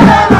Thank you.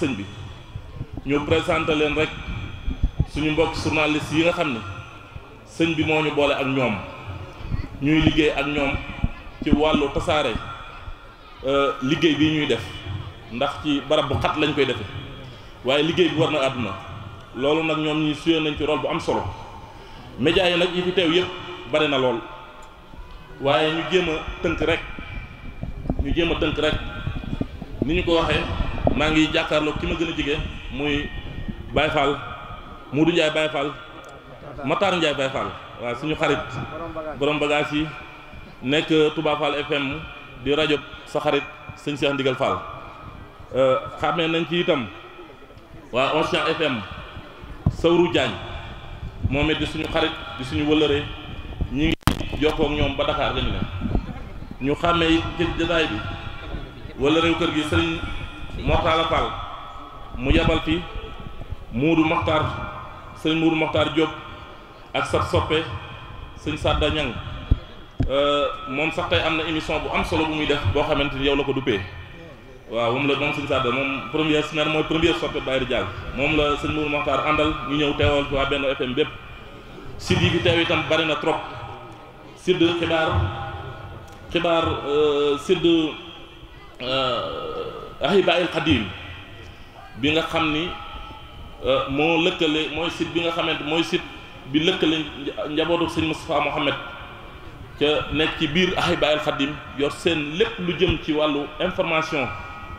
sëñ bi ñu présenté leen rek suñu mbokk journaliste yi nga xam ne sëñ bi moo ñu boole ak ñoom ñuy liggéey ak ñoom ci wàllu tasaare euh, liggéey bi ñuy def ndax ci barab bu xat lañ koy defe waaye liggéey bi war na àdduna loolu nag ñoom ñi suyee nañ ci rol bu am solo médias yi nag yi fi teew yëpp bari na lool waaye ñu jéem a tënk rek ñu jéem a tënk rek ni ñu ko waxee maa ngi jàkkaarloog ki ma gën a jege muy Baye Fall Modou Ndiaye Baye Fall Matar Ndiaye Baye Fall waaw suñu xarit borom bagage yi nekk Touba Fall FM di rajo sa xarit sëñ Cheikh Ndigal Fall euh, xamee nañ ci itam waa Ocean FM Sawru Diagne moom it di suñu xarit di suñu wëllëre ñi ngi jokkoo ñoom ba Dakar lañu ne ñu xàmmee ci jotaay bi wëllërewu kër gi sëriñ Mortala Fall mu yabal fi Muudu Moxtaar sëñ Muudu Moxtaar Diop ak sab soppe sëñ Sadda Ñang euh, moom sax tey am na émission bu am solo bu muy def boo xamante ni yow la ko duppee waaw moom la moom sëñ Sadda moom première semaine moom la sëñ Muudu Moxtaar àndal ñu ñëw teewal ci waa Benno FM bépp site yi fi teew itam bari na trop site xibaar xibaar euh, site euh, ahibaayil xadim bi nga xam ni euh, moo lëkkale mooy site bi nga xamante mooy site bi lëkkale njabootu sëñ Moustapha Mohamed ca nekk ci biir ahibaayil xadim yor seen lépp lu jëm ci wàllu information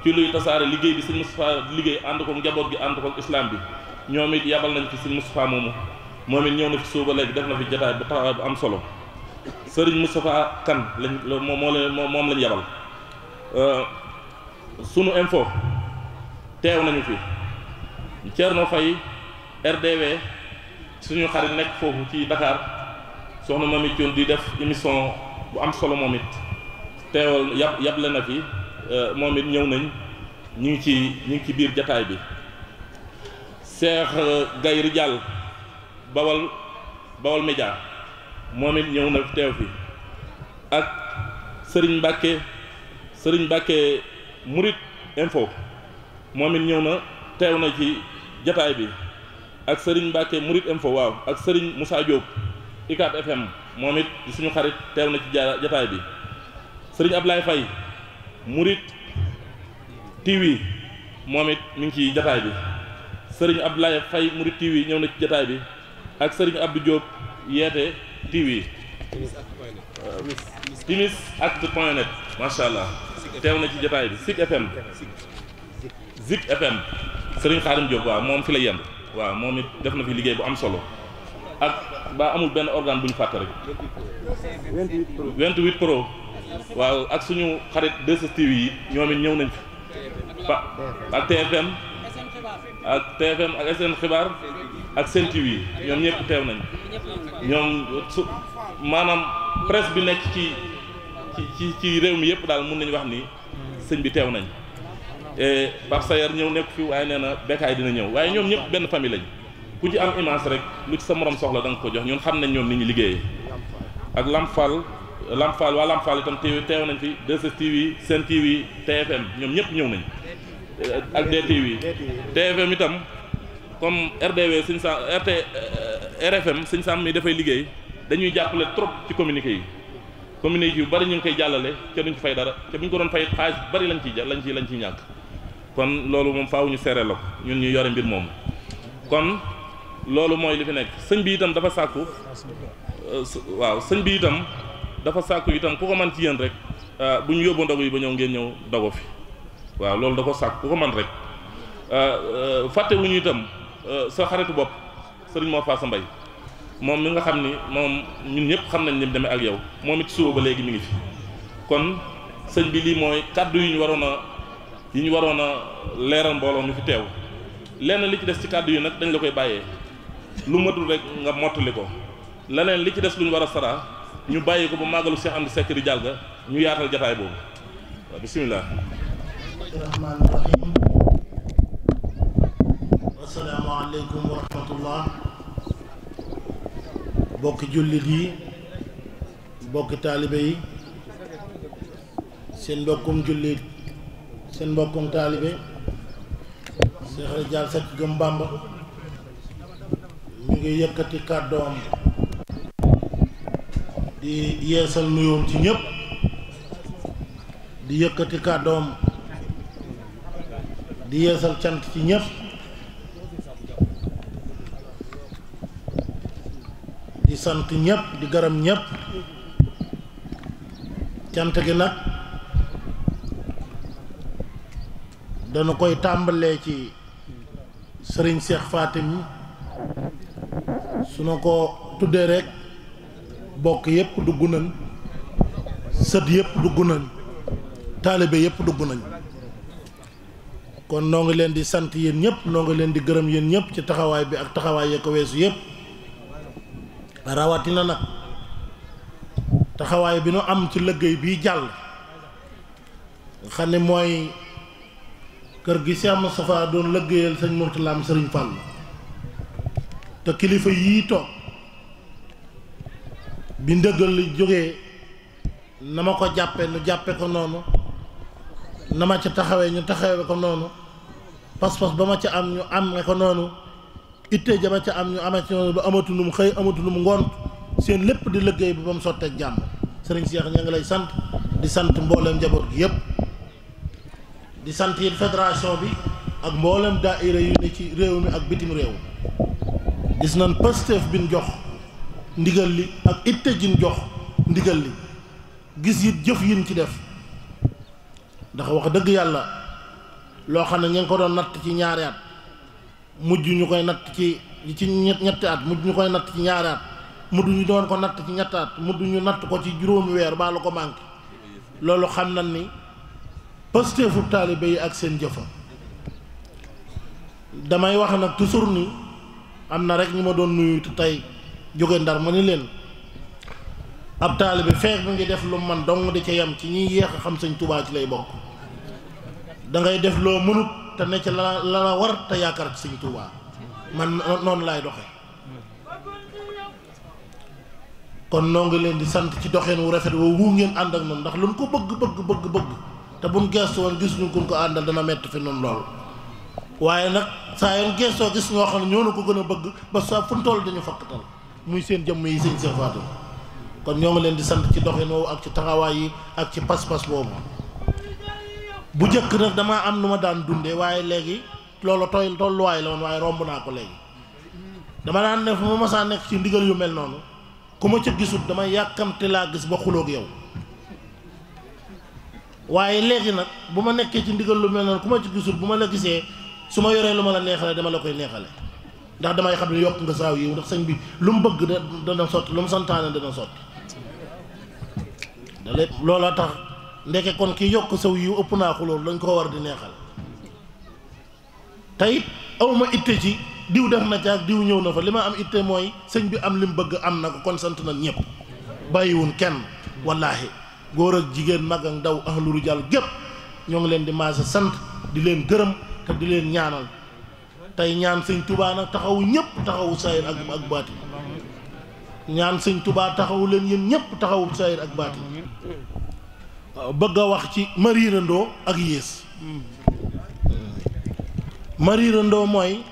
ci luy tasaare liggéey bi sëñ Moustapha liggéey ànd ko njaboot gi ànd koog islam bi ñoom it yabal nañ ci sëñ Moustapha moomu moom it ñëw na fi suuba léegi def na fi jotaay bu taxawaay bu am solo sëriñ Moustapha kan lañ moo moo moom lañ yabal euh, sunu info teew nañu fi Thierno Faye RDV suñu xarit nekk foofu ci Dakar soxna Mami Thion di def émission bu am solo moom it teewal yab yable fi euh, moom it ñëw nañ ñu ngi ci ñu ngi ci biir jataay bi Cheikh euh, Gaye Ridial Bawal Bawal Média moom it ñëw na teew fi ak Serigne Mbacke Serigne Mbacke Murit Info moom it ñëw na teew na ci jataay bi ak Serigne Mbacke Murit Info waaw ak Serigne Moussa Diop ICAT FM moom it di suñu xarit teew na ci jataay bi Serigne Ablaye Faye Murit TV moom it mi ngi ci jataay bi Serigne Ablaye Faye Murit TV ñëw na ci jataay bi ak Serigne Abdou Diop Yeete TV timis acte point net macha allah teew na ci jotaay bi Zik FM Zik FM Serigne Khadim Diop waaw moom fi la yem waaw moom it def na fi liggéey bu am solo ak ba amul benn organe buñu ñu fàtte rek 28 pro waaw ak suñu xarit 2STV yi ñoom it ñëw nañ fi pa ak TFM ak TFM ak SN xibaar ak Sen TV ñoom ñëpp teew nañ ñoom maanaam presse bi nekk ci ci ci réew mi yëpp daal mun nañu wax ni sëñ bi teew nañ eh, Pape Sayar ñëw nekk fi waaye nee na yi dina ñëw waaye ñoom ñëpp benn famille lañ ku ci am image rek lu ci sa moroom soxla da nga ko jox ñun xam nañ ñoom ni ñu liggéey ak Lamfal Lamfal waa Lamfal itam teew teew nañ fi 2STV seen TV TFM ñoom ñëpp ñëw nañ eh, ak DTV TFM itam comme RDW sëñ sa RT RFM suñ sàmm mi dafay liggéey dañuy jàppale trop ci communiqué yi communes yu bari ñu ngi koy jàllale ca duñ ci fay dara ca bu ñu ko doon fay xaalis bari lañ ciy ja lañ ciy lañ ciy ñàkk kon loolu moom faaw ñu seere la ñun ñuy yore mbir moom kon loolu mooy li fi nekk sëñ bi itam dafa sàkku euh, waaw sëñ bi itam dafa sàkku itam ku ko man ci yéen rek euh, bu ñu yóbbu ndogu yi ba ñëw ngeen ñëw dogo fi waaw loolu da ko sàkku ku ko man rek euh, fàtte itam sa xaritu bopp sëriñ moo faa sa mbay moom mi nga xam ni moom ñun ñëpp xam nañ ni mu demee ak yow moom it suba ba léegi mu ngi fi kon sëñ bi lii mooy kàddu yi ñu waroon a yi ñu waroon a leeral mbooloo mi fi teew lenn li ci des ci kàddu yi nag dañ la koy bàyyee lu matul rek nga mottali ko leneen li ci des lu ñu war a sara ñu bàyyi ko ba màggalu Cheikh Amdi Seck di jàll ñu yaatal jataay boobu waaw bisimilah. rahmaani rahim. asalaamaaleykum wa rahmatullah. bokki jullit yi bokki taalibe yi seen mbokkum jullit seen mbokkum taalibe Cheikh Ridial Seck Gëm Bàmba mu ngi yëkkati kàddoom di yeesal nuyoom ci ñëpp di yëkkati kàddoom di yeesal cant ci ñëpp di sant ñëpp di gërëm ñëpp cant gi nag dana koy tàmbalee ci sëriñ Seex Fatim su na ko tuddee rekk bokk yëpp dugg nañ sët yëpp dugg nañ taalibe yëpp dugg nañ kon noo ngi leen di sant yéen ñëpp noo ngi leen di gërëm yéen ñëpp ci taxawaay bi ak taxawaay ya ko weesu yëpp rawatina nag taxawaay bi nu am ci liggéey bii jàll nga mooy kër gi Cheikh Moustapha doon sëñ Mourtala am sëriñ te kilifa yii toog bi ndëggal li jóge na ma ko jàppe nu jàppe ko noonu na ma ca taxawee ñu taxawee ko noonu pas-pas ba ma ca am ñu am ko noonu ittee jama ca am ñu ama ci ba amatulum xëy amatulum ngont seen lépp di liggéey bi ba mu sotteeg jàmm sëriñ Cheikh ña ngi lay sant di sant mbooleem njaboot gi yëpp di sant yi fédération bi ak mbooleem daaira yu ne ci réew mi ak bitim réew gis nañ Pastef bin jox ndigal li ak itte jin jox ndigal li gis it jëf yin ci def ndax wax dëgg yàlla loo xam ne ña ngi ko doon natt ci ñaari at mujj ñu koy natt ci ci ñetti at mujj ñu koy natt ci ñaaraat at mujj ñu doon ko natt ci ñetti at mujj ñu natt ko ci juróomi weer baa la ko manqué loolu xam na ni pasteefu taalibe yi ak seen jëfa damay wax nag toujours ni am na rek ñu ma doon nuyu tey jóge ndar ma ni leen ab taalibe feek bi ngi def lu man dong di ca yam ci ñiy yéex xam sëñ Tuubaa lay bokk dangay def loo mënut te nekk la la la war te yaakaar ci sëñ Tuubaa man noonu laay doxe kon noo ngi leen di sant ci doxeen wu rafet woo wu ngeen ànd ak noonu ndax lu ko bëgg bëgg bëgg bëgg te buñ gestu woon gis ñu ko àndal dana metti fi noonu lool waaye nag saa yoon gestoo gis ñoo xam ne ñoo ko gën a bëgg ba sa fu toll dañu fakkatal muy seen jëmm yi seen seen faatu kon ñoo ngi leen di sant ci doxin woowu ak ci taxawaay yi ak ci pas-pas boobu bu jëkk nag damaa am nu ma daan dundee waaye léegi loolu tooy tolluwaay la woon waaye romb naa ko léegi dama daan ne fu ma masaa nekk ci ndigal yu mel noonu ku ma ca gisut dama yàkkamte laa gis ba xuloog yow waaye léegi nag bu ma nekkee ci ndigal lu mel noonu ku ma ci gisut bu ma la gisee su ma yoree lu ma la neexale dama la koy neexale ndax damay xam ne yokk nga saaw yiw ndax sëñ bi lu mu bëgg dana sotti lu mu santaane dana sotti da lépp tax ndeke kon ki yokk saw yiw ëpp naa ko loolu ko koo war di neexal tey awma itte ci diw def na ca diw ñëw na fa li ma am itte mooy sëñ bi am lim bëgg am na ko kon sant na ñëpp bàyyiwun kenn wallaahi góor ak jigéen mag ak ndaw ahlu rijal gépp ñoo ngi leen di maase sant di leen gërëm te di leen ñaanal tey ñaan sëñ tubaa nag taxawu ñëpp taxawu sayir ak baati ñaan sëñ tubaa taxawu leen yéen ñëpp taxawu sayir ak baati bëgg a wax ci mariirandoo ak yées mariirandoo mooy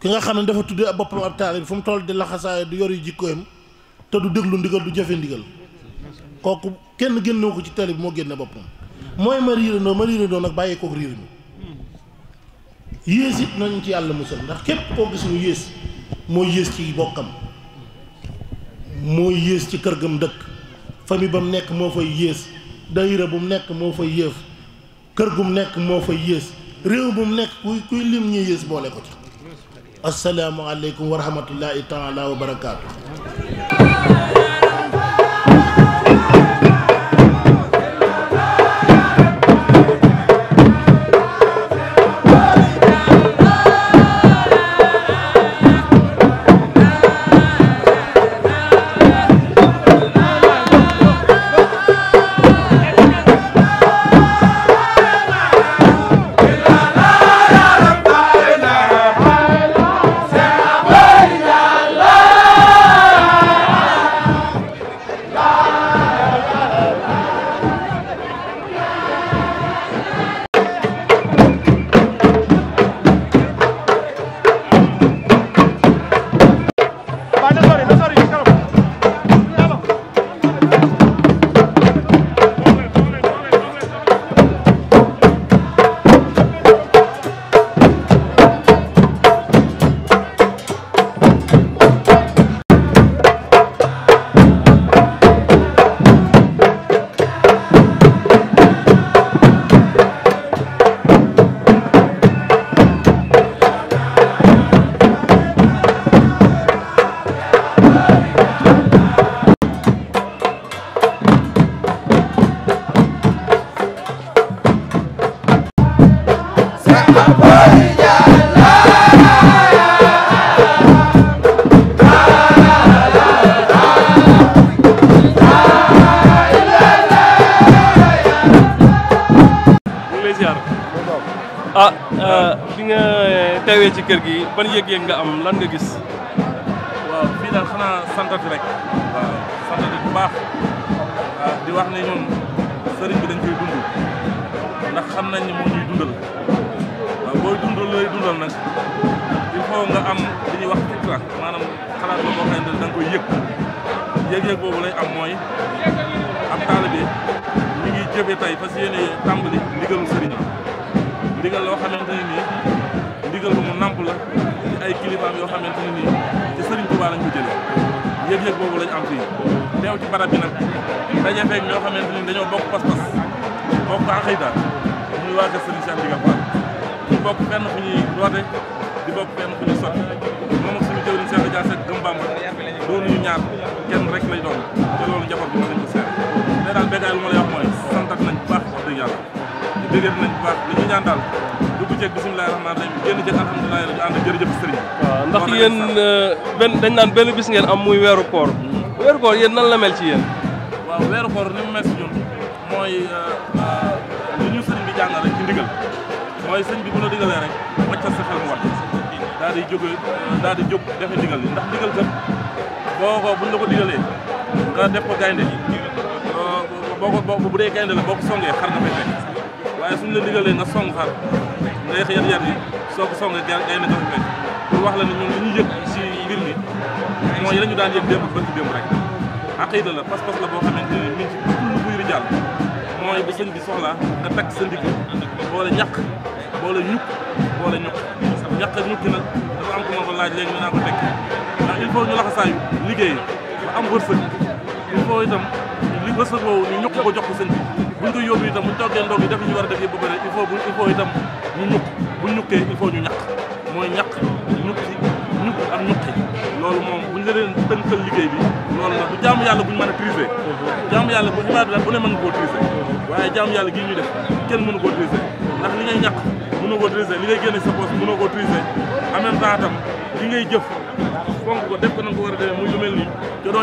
ki nga xam ne dafa tuddee ab boppam ab taalibe fu mu toll di laxasaay du yor yu jikkooyam te du déglu ndigal du jëfe ndigal kooku kenn génnewu ko ci tali moo génn boppam mooy ma riirandoo ma riirandoo nag bàyyi kook yées it nañ ci yàlla musal ndax képp koo gis mu yées mooy yées ci bokkam mooy yées ci kër gam dëkk famille ba mu nekk moo fay yées dayira bu mu nekk moo fay yéef kër gu mu nekk moo fay yées réew bu mu nekk ku kuy lim ñuy yées boole ko ci asalaamaaleykum wa rahmatullahi taala wa barakaatu teewee ci kër gi ban yëg-yëg lan nga gis. waaw fii daal rek. baax. di wax ne bi dañ koy dund ndax xam nañ ne moo ñuy dundal waaw il faut nga am ñuy wax fitra maanaam xalaat la yëg yëg-yëg boobu lay am mooy am taalibe mi ngi jëfe tey fas yéene tàmbali ndigalu sëriñ ndigal loo xamante ne nii. la di ay kilifaam yoo xamante ne nii ci Serigne Touba lañ ko jëlee yëg-yëg boobu lañ am fii teew ci barab bi nag daje feeg ñoo xamante ni dañoo bokk pas-pas bokk àqida muy waa kër Serigne Cheikh Ndiga Fall ñu bokk fenn fu ñuy doote di bokk fenn fu ñuy sotti moom ak suñu jëwriñ Cheikh Ndiaye Seck gëm Bamba doonuñu ñaar kenn rek lay doon te loolu njaboot bi mën nañ ko seet te daal béykat yi lu ma lay wax mooy santat nañ bu baax wax dëgg yàlla dégg la ñu ànd jërëjëf sëriñ waaw ndax yéen euh, dañ naan benn bis ngeen am muy weeru koor weeru koor yéen nan la mel ci yéen waaw weeru koor ni mu mel ci ñun mooy euh, li ñu bi jàngal ci ndigal mooy sëriñ bi bu la digalee rek wàccal sa mu wàcc daal di jóg euh, daal di jóg defe ndigal li ndax ndigal kat boo ko buñ la ko digalee nga def ko gaynde boo ko bu dee gaynde la boo ko songee xar nga fay fekk waaye suñu la digalee nga song xar ngay xëy yar yi soo ko songee day na wax la yëg si mbir mi mooy la ñu daan yëg démb bëgg démb rek aqiida la pas-pas la boo xamante ni mi ci lu buy rijaal mooy bu sëñ bi soxlaa nga takk sa ndigg boole ñàq boole ñukk boole ñukk ñàq ak ñukki nag dafa am ko ma ko laaj léegi ñu naa ko tekki ndax il faut ñu laxasaayu liggéey ba am wërsëg il faut itam li wërsëg woowu ñu ñukk ko jox ko bi buñ koy yóbbu itam buñ toggee ndox yi def ñu war a def yëpp ba pare il faut il faut itam ñu ñukk buñ ñukkee il faut ñu ñaq mooy ñaq ñukk si ñukk ak ñuqi loolu moom buñ la leen tënkal liggéey bi loolu nag bu jaamu yàlla buñ mën a triser jaamu yàlla bu ibaad la bu ne mën nga koo triser waaye jaamu yàlla gii ñu def kenn mënu koo triser ndax li ngay ñaq mënoo koo triser li ngay génne sa poche mënoo koo triser en même temps tam li ngay jëf fonk ko def ko ko war a demee muy lu mel nii te doo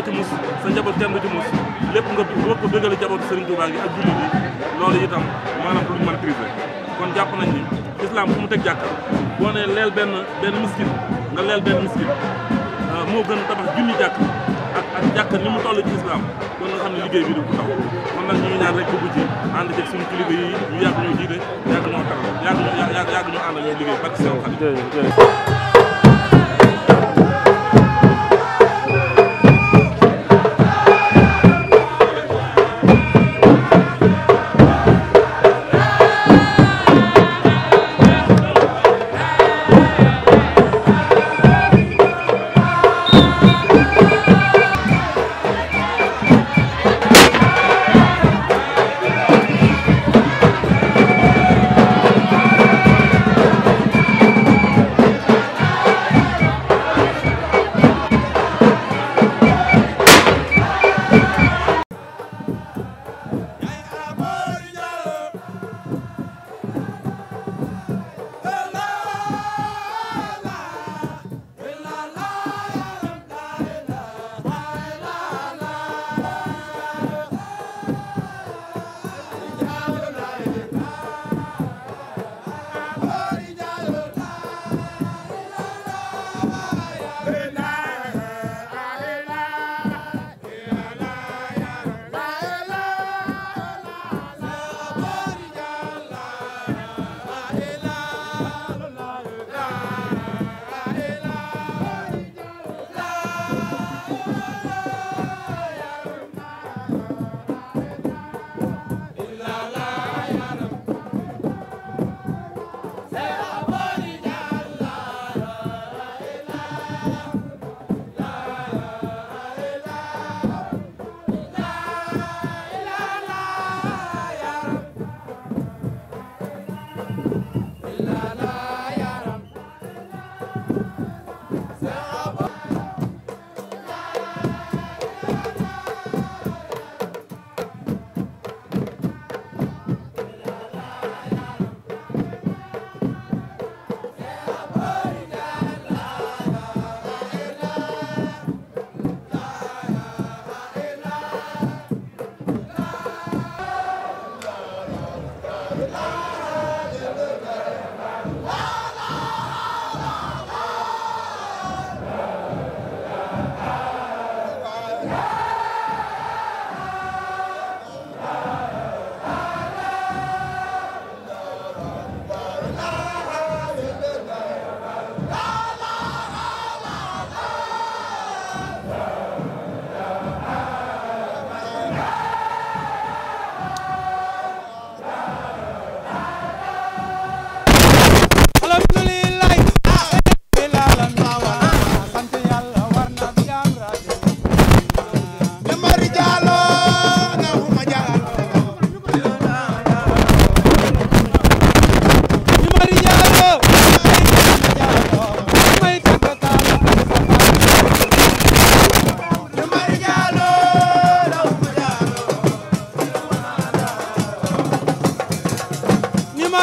lépp nga boo ko bëggal njabootu Serigne loolu itam maanaam lu ñu mën kon jàpp nañ ni islam bu mu teg jàkka boo ne leel benn benn miskin nga leel benn miskin euh, moo gën a tabax junni jàkk ak ak jàkka ni mu toll ci islam kon nga xam ne liggéey bi du ko taw kon nag ñu ngi ñaan rek dugg ci ànd ci suñu kilifa yi ñu yàgg ñoo jiite yàgg ñoo taxaw yàgg ñoo liggéey barke seen xam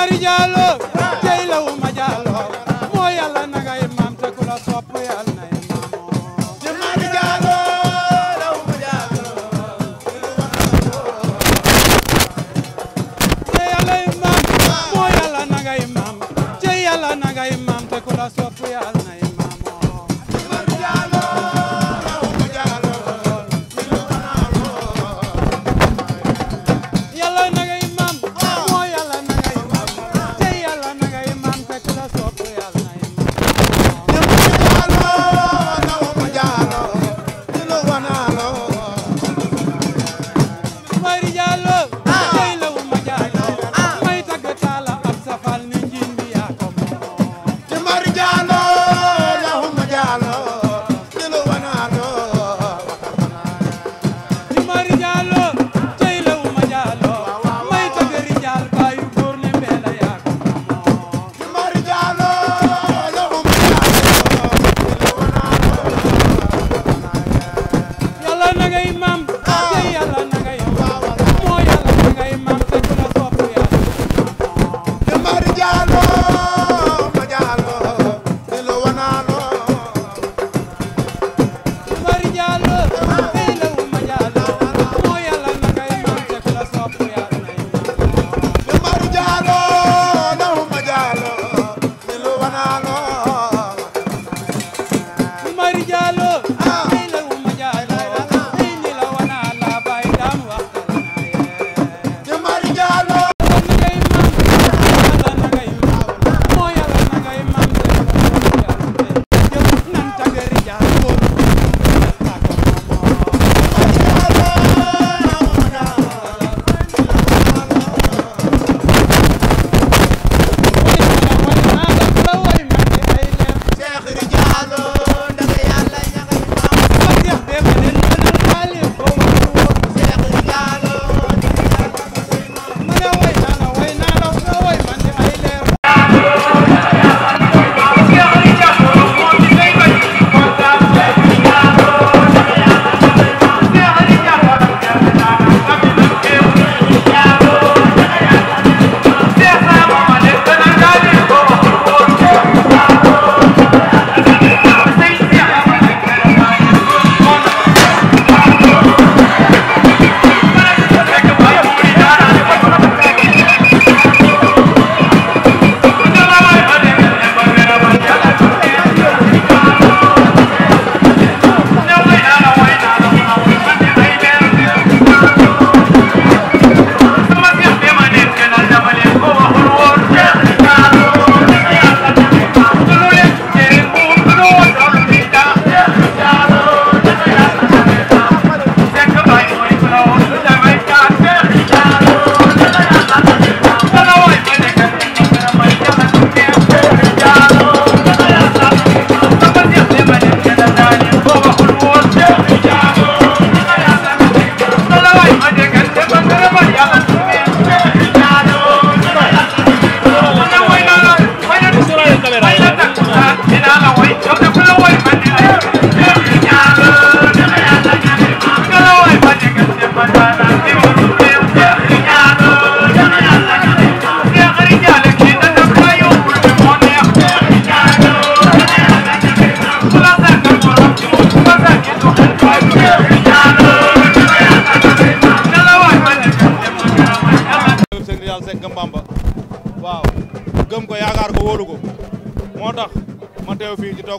Marie Diallo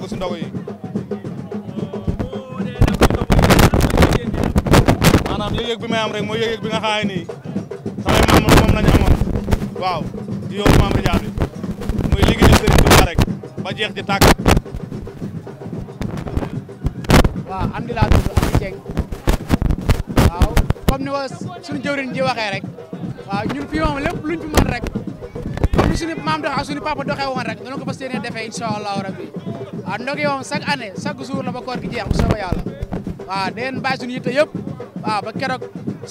ko si ndogu yi. maanaam yëg bi may rek mooy yëg-yëg bi nga xaay nii samay maam moom lañu waaw di maam Rijaab bi muy liggéeyal Sëriñ Tuubaa rek ba jeex di tàkk. waaw am di laa tudd Amady Dieng waaw comme ni ko suñu jëwriñ ji waxee rek waaw ñun fii moom lépp rek comme ni suñu maam doxee ak suñu papa doxee woon rek dana ko fas yéene defee incha allahu rabbi waaw ndog yi moom chaque année chaque ba koor gi jeex bu soobee yàlla waaw deen bàyyi suñu yitte yëpp waaw ba keroog